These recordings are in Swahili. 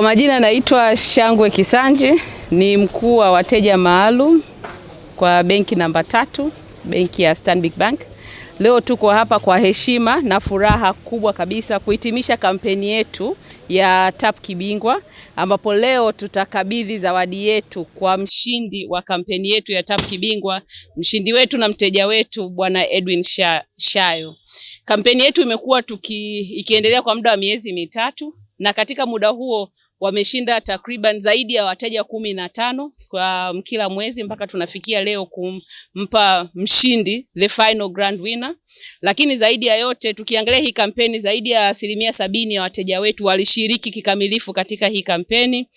Kwa majina naitwa Shangwe Kisanje, ni mkuu wa wateja maalum kwa benki namba tatu, benki ya Stanbic Bank. Leo tuko hapa kwa heshima na furaha kubwa kabisa kuhitimisha kampeni yetu ya TAP Kibingwa, ambapo leo tutakabidhi zawadi yetu kwa mshindi wa kampeni yetu ya TAP Kibingwa, mshindi wetu na mteja wetu Bwana Edwin Shayo. Kampeni yetu imekuwa tuki ikiendelea kwa muda wa miezi mitatu na katika muda huo wameshinda takriban zaidi ya wateja kumi na tano kwa kila mwezi mpaka tunafikia leo kumpa mshindi the final grand winner. Lakini zaidi ya yote, tukiangalia hii kampeni, zaidi ya asilimia sabini ya wateja wetu walishiriki kikamilifu katika hii kampeni.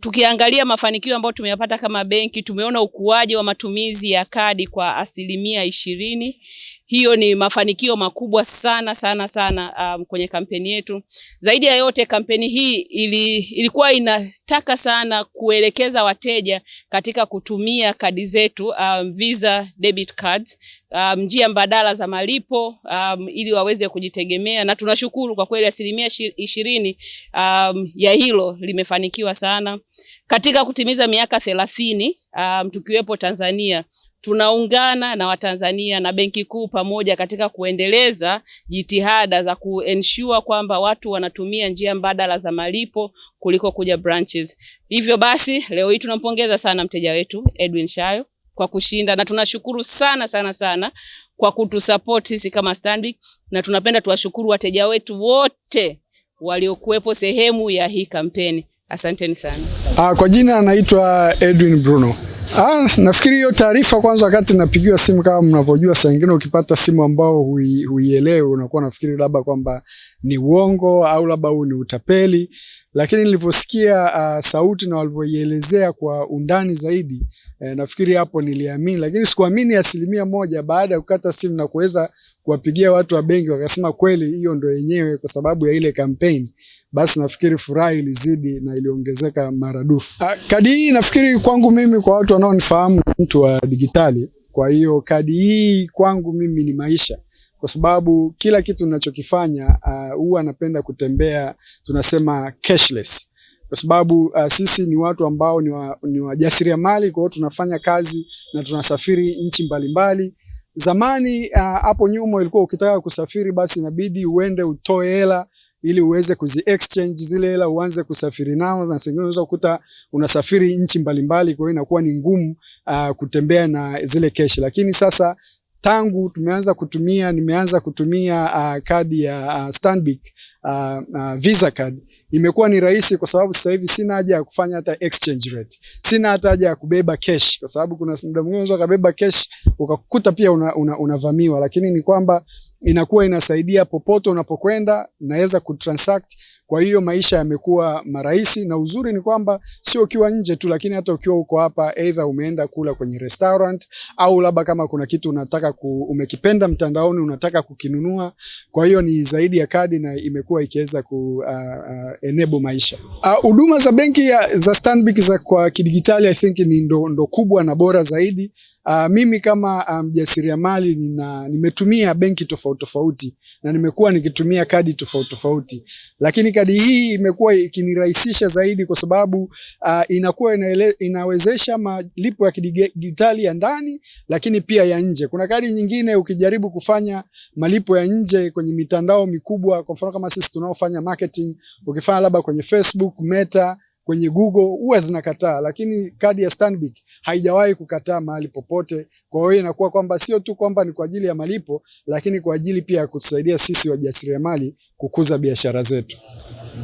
Tukiangalia mafanikio ambayo tumeyapata kama benki, tumeona ukuaji wa matumizi ya kadi kwa asilimia ishirini hiyo ni mafanikio makubwa sana sana sana um, kwenye kampeni yetu. Zaidi ya yote, kampeni hii ili, ilikuwa inataka sana kuelekeza wateja katika kutumia kadi zetu um, Visa debit cards um, njia mbadala za malipo um, ili waweze kujitegemea, na tunashukuru kwa kweli asilimia ishirini um, ya hilo limefanikiwa sana katika kutimiza miaka thelathini um, tukiwepo Tanzania tunaungana na Watanzania na Benki Kuu pamoja katika kuendeleza jitihada za kuensure kwamba watu wanatumia njia mbadala za malipo kuliko kuja branches. Hivyo basi leo hii tunampongeza sana mteja wetu Edwin Shayo kwa kushinda na tunashukuru sana sana sana kwa kutusupport sisi kama Stanbic, na tunapenda tuwashukuru wateja wetu wote waliokuwepo sehemu ya hii kampeni. Asanteni sana. Ah, kwa jina anaitwa Edwin Bruno. Ah, nafikiri hiyo taarifa kwanza, wakati napigiwa simu, kama mnavyojua, saa nyingine ukipata simu ambao huielewi, unakuwa nafikiri labda kwamba ni uongo au labda huu ni utapeli, lakini nilivyosikia uh, sauti na walivyoielezea kwa undani zaidi eh, nafikiri hapo niliamini, lakini sikuamini asilimia moja baada ya kukata simu na kuweza kuwapigia watu wa benki wakasema kweli hiyo ndo yenyewe kwa sababu ya ile campaign. basi nafikiri furaha ilizidi na iliongezeka maradufu. Ah, kadi hii nafikiri kwangu mimi, kwa watu wanaonifahamu, mtu wa digitali kwa hiyo kadi hii kwangu mimi ni maisha kwa sababu kila kitu ninachokifanya ah, huwa uh, napenda kutembea tunasema cashless kwa sababu uh, sisi ni watu ambao ni wajasiriamali wa kwa hiyo tunafanya kazi na tunasafiri nchi mbalimbali. Zamani ah, hapo uh, nyuma ilikuwa ukitaka kusafiri basi inabidi uende utoe hela ili uweze kuzi exchange zile hela uanze kusafiri nao, na sengine unaweza kukuta unasafiri nchi mbalimbali, kwa hiyo inakuwa ni ngumu uh, kutembea na zile keshi. Lakini sasa tangu tumeanza kutumia, nimeanza kutumia uh, kadi ya uh, Stanbic uh, uh, Visa card imekuwa ni rahisi kwa sababu sasa hivi sina haja ya kufanya hata exchange rate, sina hata haja ya kubeba cash, kwa sababu kuna muda mwingine unaweza kubeba cash ukakuta pia una, una, unavamiwa, lakini ni kwamba inakuwa inasaidia popote unapokwenda, naweza kutransact kwa hiyo maisha yamekuwa marahisi, na uzuri ni kwamba sio ukiwa nje tu, lakini hata ukiwa uko hapa, either umeenda kula kwenye restaurant au labda kama kuna kitu unataka ku, umekipenda mtandaoni unataka kukinunua. Kwa hiyo ni zaidi ya kadi na imekuwa ikiweza ku uh, uh, enable maisha. Uh, huduma uh, za benki za Stanbic za kwa kidigitali I think ni ndo, ndo kubwa na bora zaidi. Uh, mimi kama ah, mjasiriamali um, nina nimetumia benki tofauti tofauti na nimekuwa nikitumia kadi tofauti tofauti, lakini kadi hii imekuwa ikinirahisisha zaidi kwa sababu uh, inakuwa inaele, inawezesha malipo ya kidigitali ya ndani, lakini pia ya nje. Kuna kadi nyingine ukijaribu kufanya malipo ya nje kwenye mitandao mikubwa, kwa mfano kama sisi tunaofanya marketing, ukifanya labda kwenye Facebook, Meta kwenye Google huwa zinakataa, lakini kadi ya Stanbic haijawahi kukataa mahali popote. Kwa hiyo inakuwa kwamba sio tu kwamba ni kwa ajili ya malipo, lakini kwa ajili pia ya kutusaidia sisi wajasiriamali kukuza biashara zetu.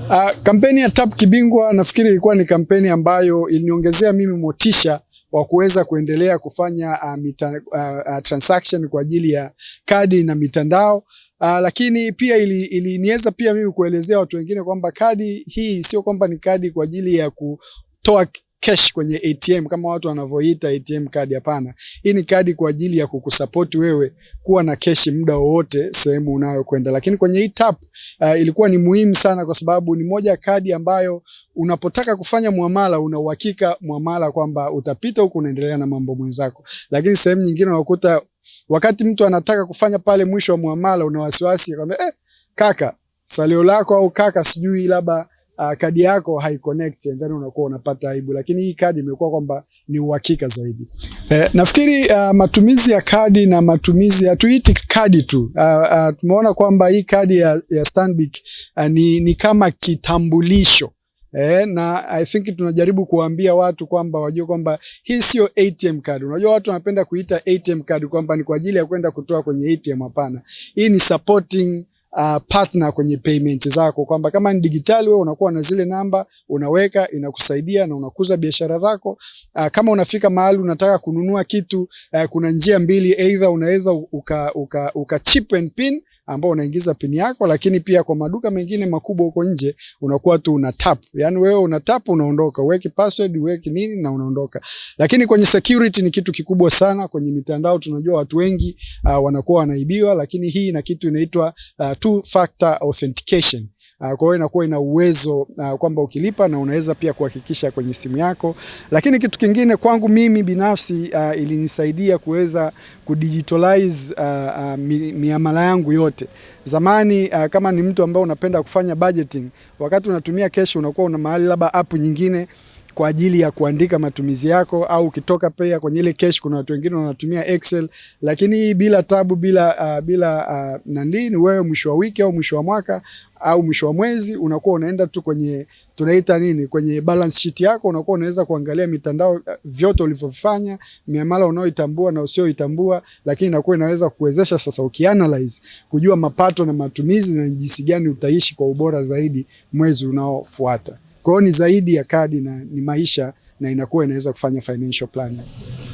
Uh, kampeni ya TAP Kibingwa nafikiri ilikuwa ni kampeni ambayo iliniongezea mimi motisha wa kuweza kuendelea kufanya uh, mita, uh, uh, transaction kwa ajili ya kadi na mitandao uh, lakini pia ili, ili niweza pia mimi kuelezea watu wengine kwamba kadi hii sio kwamba ni kadi kwa ajili ya ku toa cash kwenye ATM kama watu wanavyoita ATM card. Hapana, hii ni kadi kwa ajili ya kukusupport wewe kuwa na cash muda wowote sehemu unayokwenda. Lakini kwenye hii tap uh, ilikuwa ni muhimu sana, kwa sababu ni moja ya kadi ambayo unapotaka kufanya muamala una uhakika muamala kwamba utapita huku unaendelea na mambo mwenzako. Lakini sehemu nyingine unakuta wakati mtu anataka kufanya pale mwisho wa muamala una wasiwasi, akwambia eh, kaka salio lako au kaka sijui labda uh, kadi yako haiconnect and then unakuwa unapata aibu, lakini hii kadi imekuwa kwamba ni uhakika zaidi. Eh, nafikiri uh, matumizi ya kadi na matumizi tuiti kadi tu uh, uh, tumeona kwamba hii kadi ya, ya Stanbic uh, ni, ni kama kitambulisho Eh, na I think tunajaribu kuambia watu kwamba wajue kwamba hii sio ATM card. Unajua watu wanapenda kuita ATM card kwamba ni kwa ajili ya kwenda kutoa kwenye ATM. Hapana, hii ni supporting uh, partner kwenye payment zako, kwamba kama ni digitali wewe unakuwa na zile namba unaweka, inakusaidia na unakuza biashara zako. Uh, kama unafika mahali unataka kununua kitu uh, kuna njia mbili, either unaweza uka, uka, uka chip and pin ambao unaingiza pin yako, lakini pia kwa maduka mengine makubwa huko nje unakuwa tu una tap, yani wewe una tap unaondoka, uweke password uweke nini na unaondoka. Lakini kwenye security ni kitu kikubwa sana kwenye mitandao, tunajua watu wengi uh, wanakuwa wanaibiwa, lakini hii na kitu inaitwa uh, two factor authentication. Ah, kwa hiyo inakuwa ina uwezo uh, kwamba ukilipa na unaweza pia kuhakikisha kwenye simu yako. Lakini kitu kingine kwangu mimi binafsi uh, ilinisaidia kuweza kudigitalize uh, uh, mi, miamala yangu yote. Zamani uh, kama ni mtu ambaye unapenda kufanya budgeting, wakati unatumia cash unakuwa una mahali labda app nyingine kwa ajili ya kuandika matumizi yako, au ukitoka pia kwenye ile cash, kuna watu wengine wanatumia Excel, lakini hii bila tabu, bila uh, bila uh, nandini, wewe mwisho wa wiki au mwisho wa mwaka au mwisho wa mwezi unakuwa unaenda tu kwenye tunaita nini, kwenye balance sheet yako, unakuwa unaweza kuangalia mitandao uh, vyote ulivyofanya, miamala unaoitambua na usioitambua, lakini inakuwa inaweza kuwezesha sasa ukianalyze kujua mapato na matumizi na jinsi gani utaishi kwa ubora zaidi mwezi unaofuata kwao ni zaidi ya kadi na ni maisha na inakuwa inaweza kufanya financial planning.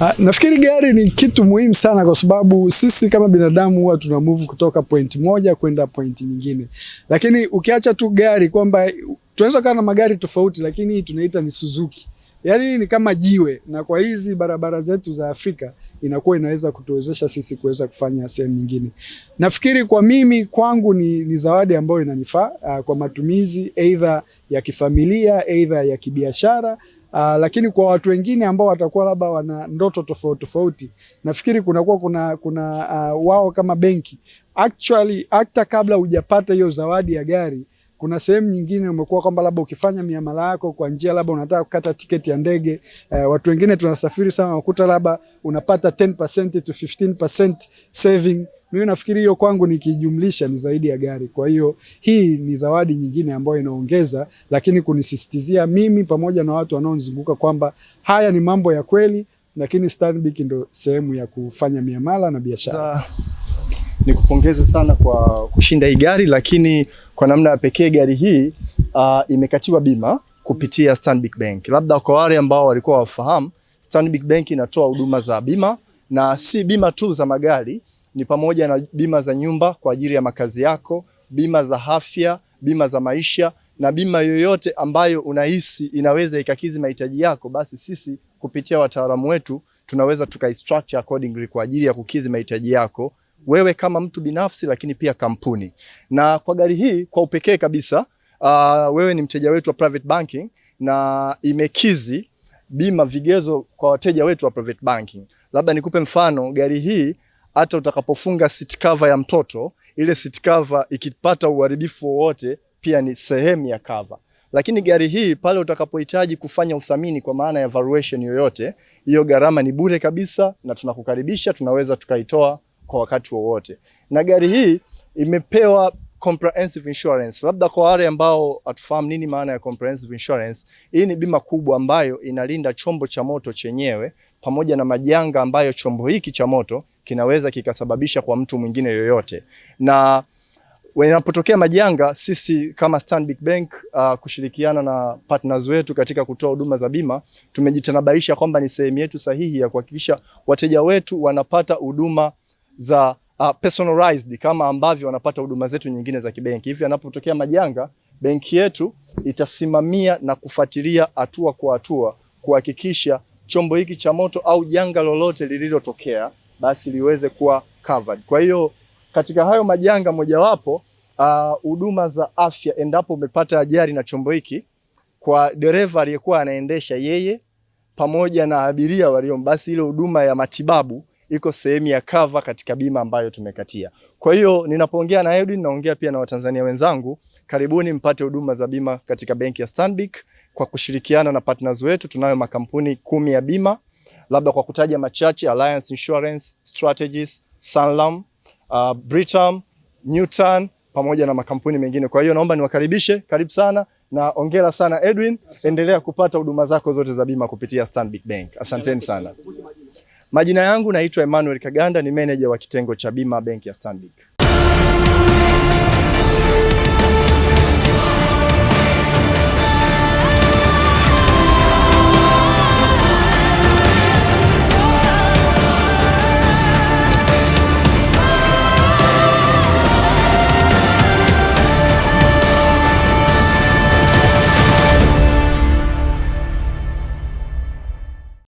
Ah, nafikiri gari ni kitu muhimu sana kwa sababu sisi kama binadamu huwa tuna move kutoka point moja kwenda point nyingine. Lakini ukiacha tu gari kwamba tunaweza kuwa na magari tofauti lakini hii tunaita ni Suzuki yani ni kama jiwe, na kwa hizi barabara zetu za Afrika inakuwa inaweza kutuwezesha sisi kuweza kufanya sehemu nyingine. Nafikiri kwa mimi kwangu ni, ni zawadi ambayo inanifaa ah, kwa matumizi aidha ya kifamilia aidha ya kibiashara Aa, ah, lakini kwa watu wengine ambao watakuwa labda wana ndoto tofauti tofauti, nafikiri kunakuwa kuna, kuna uh, wao kama benki actually hata kabla hujapata hiyo zawadi ya gari kuna sehemu nyingine umekuwa kwamba labda ukifanya miamala yako kwa njia labda unataka kukata tiketi ya ndege eh, watu wengine tunasafiri sana, unakuta labda unapata 10% to 15% saving. Mimi nafikiri hiyo kwangu nikijumlisha ni zaidi ya gari. Kwa hiyo hii ni zawadi nyingine ambayo inaongeza, lakini kunisisitizia mimi pamoja na watu wanaonizunguka kwamba haya ni mambo ya kweli, lakini Stanbic ndo sehemu ya kufanya miamala na biashara nikupongeze sana kwa kushinda hii gari, lakini kwa namna ya pekee gari hii uh, imekatiwa bima kupitia Stanbic Bank. Labda kwa wale ambao walikuwa wafahamu, Stanbic Bank inatoa huduma za bima na si bima tu za magari, ni pamoja na bima za nyumba kwa ajili ya makazi yako, bima za afya, bima za maisha na bima yoyote ambayo unahisi inaweza ikakizi mahitaji yako, basi sisi kupitia wataalamu wetu tunaweza tukaistructure accordingly kwa ajili ya kukizi mahitaji yako wewe kama mtu binafsi, lakini pia kampuni. Na kwa gari hii kwa upekee kabisa uh, wewe ni mteja wetu wa private banking na imekizi bima vigezo kwa wateja wetu wa private banking. Labda nikupe mfano, gari hii hata utakapofunga seat cover ya mtoto, ile seat cover ikipata uharibifu wowote, pia ni sehemu ya cover. Lakini gari hii pale utakapohitaji kufanya uthamini kwa maana ya valuation yoyote, hiyo gharama ni bure kabisa, na tunakukaribisha, tunaweza tukaitoa kwa wakati wowote, na gari hii imepewa comprehensive insurance. Labda kwa wale ambao hatufahamu nini maana ya comprehensive insurance, hii ni bima kubwa ambayo inalinda chombo cha moto chenyewe pamoja na majanga ambayo chombo hiki cha moto kinaweza kikasababisha kwa mtu mwingine yoyote. Na wanapotokea majanga, sisi kama Stanbic Bank uh, kushirikiana na partners wetu katika kutoa huduma za bima tumejitanabaisha kwamba ni sehemu yetu sahihi ya kuhakikisha wateja wetu wanapata huduma za uh, personalized kama ambavyo wanapata huduma zetu nyingine za kibenki. Hivi anapotokea majanga, benki yetu itasimamia na kufuatilia hatua kwa hatua kuhakikisha chombo hiki cha moto au janga lolote lililotokea basi liweze kuwa covered. Kwa hiyo katika hayo majanga mojawapo ah, huduma uh, za afya, endapo umepata ajali na chombo hiki, kwa dereva aliyekuwa anaendesha yeye pamoja na abiria walio, basi ile huduma ya matibabu iko sehemu ya cover katika bima ambayo tumekatia. Kwa hiyo ninapoongea na Edwin, naongea pia na Watanzania wenzangu, karibuni mpate huduma za bima katika benki ya Stanbic kwa kushirikiana na partners wetu. Tunayo makampuni kumi ya bima, labda kwa kutaja machache: Alliance Insurance, Strategies, Sanlam, uh, Britam, Newton pamoja na makampuni mengine. Kwa hiyo naomba niwakaribishe, karibu sana na ongera sana Edwin, endelea kupata huduma zako zote za bima kupitia Stanbic Bank. Asanteni sana. Majina yangu naitwa Emmanuel Kaganda, ni meneja wa kitengo cha bima benki ya Stanbic.